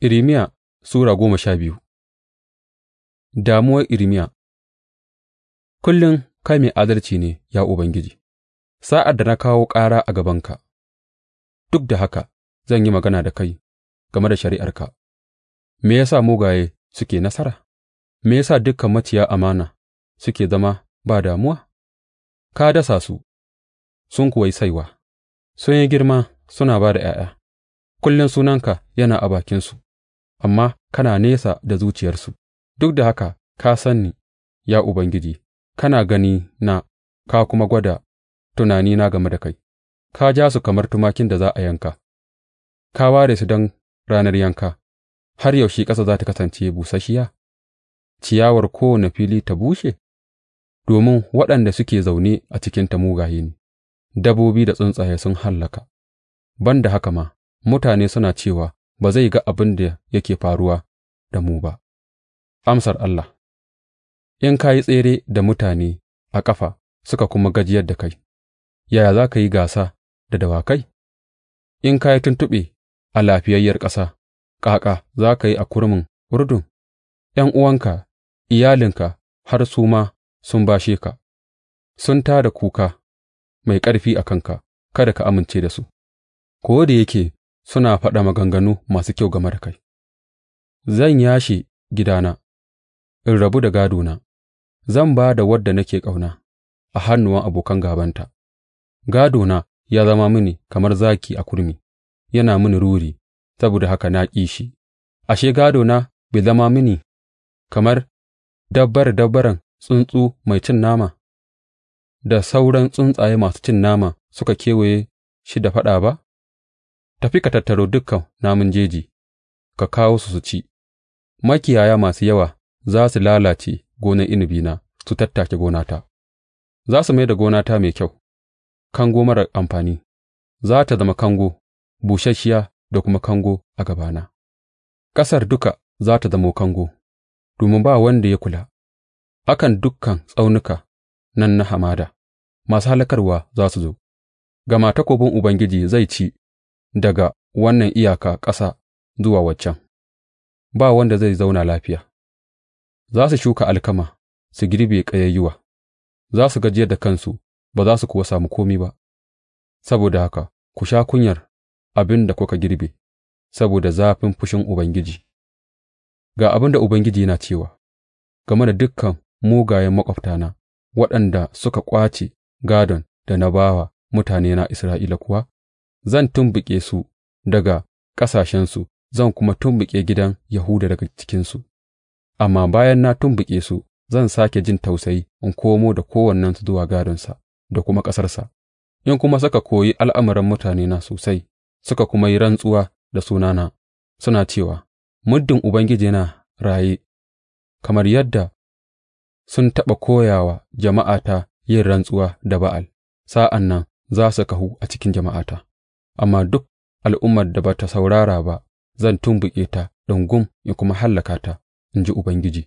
Irimiya Sura goma sha biyu Damuwar Irimiya. Kullum kai mai adalci ne, ya Ubangiji, sa'ad da na kawo ƙara a gabanka; duk da haka zan yi magana da kai game da shari'arka, Me ya sa mugaye suke nasara, me ya sa dukkan maciya amana suke zama ba damuwa? Ka dasa su, sun kuwa saiwa; sun yi girma suna ba da ’ya'ya, kullum sunanka yana a bakinsu. amma kana nesa da zuciyarsu; duk da haka ka san ni, ya Ubangiji, kana gani na ka kuma gwada tunani na game da kai; ka ja su kamar tumakin da za a yanka, ka ware su don ranar yanka Har yaushe ƙasa za ta kasance busasshiya, ciyawar kowane fili ta bushe, domin waɗanda suke zaune a cikinta mugaye ne, dabbobi da tsuntsaye sun hallaka, ban da haka ma mutane suna cewa. ba zai ga abin da yake faruwa da mu ba. Amsar Allah In ka yi tsere da mutane a ƙafa suka kuma gajiyar da kai, yaya za ka yi gasa da dawakai? In ka yi tuntuɓe a lafiyayyar ƙasa, ƙaƙa za ka yi a kurmin Urdun? uwanka, iyalinka har su ma sun bashe ka, sun tā da kuka mai ƙarfi a kanka, kada ka amince da su, ko da yake suna faɗa maganganu masu kyau game da kai, zan yashe gidana, in rabu da gādona, zan ba da wadda nake ƙauna a hannuwan abokan gābanta, gādona ya zama mini kamar zaki a kurmi, yana mini ruri, saboda haka na ƙi shi, ashe gādona bai zama mini kamar dabbar dabbaran tsuntsu mai cin nama, da sauran tsuntsaye masu cin nama suka kewaye shi da faɗa ba? Tafi ka tattaro dukan namun jeji, ka kawo su su ci, makiyaya masu yawa za su lalace gonar inabina su tattake gonata, za su mai da gonata mai kyau, kango marar amfani, za ta zama kango, busasshiya da kuma kango a gabana, ƙasar duka za ta zamo kango, domin ba wanda ya kula, akan dukkan tsaunuka nan na hamada, masu halakarwa za su zo, gama takobin Ubangiji zai ci daga wannan iyaka ƙasa zuwa waccan, ba wanda zai zauna lafiya, za su shuka alkama su girbe ƙayayyuwa, za su gajiyar da kansu ba za su kuwa samu komi ba, saboda haka ku sha kunyar abin da kuka girbe, saboda zafin fushin Ubangiji. Ga abin da Ubangiji yana cewa game da dukkan mugayen maƙwabtana waɗanda suka ƙwace gadon da na bawa wa mutanena Isra'ila kuwa? zan tumɓuke su daga ƙasashensu zan kuma tumɓuke gidan Yahuda daga cikinsu, amma bayan na tumɓuke su zan sake jin tausayi in komo da kowannensu zuwa gādonsa da kuma ƙasarsa, in kuma suka koyi al'amuran mutanena sosai, suka kuma yi rantsuwa da sunana, suna cewa, Muddin Ubangiji yana raye, kamar yadda sun taɓa koyawa wa jama'ata yin rantsuwa da Ba'al, sa'an nan za su kahu a cikin jama'ata. amma duk al'ummar da ba ta saurara ba zan tumɓuke ta ɗungum in kuma hallaka ta, in ji Ubangiji.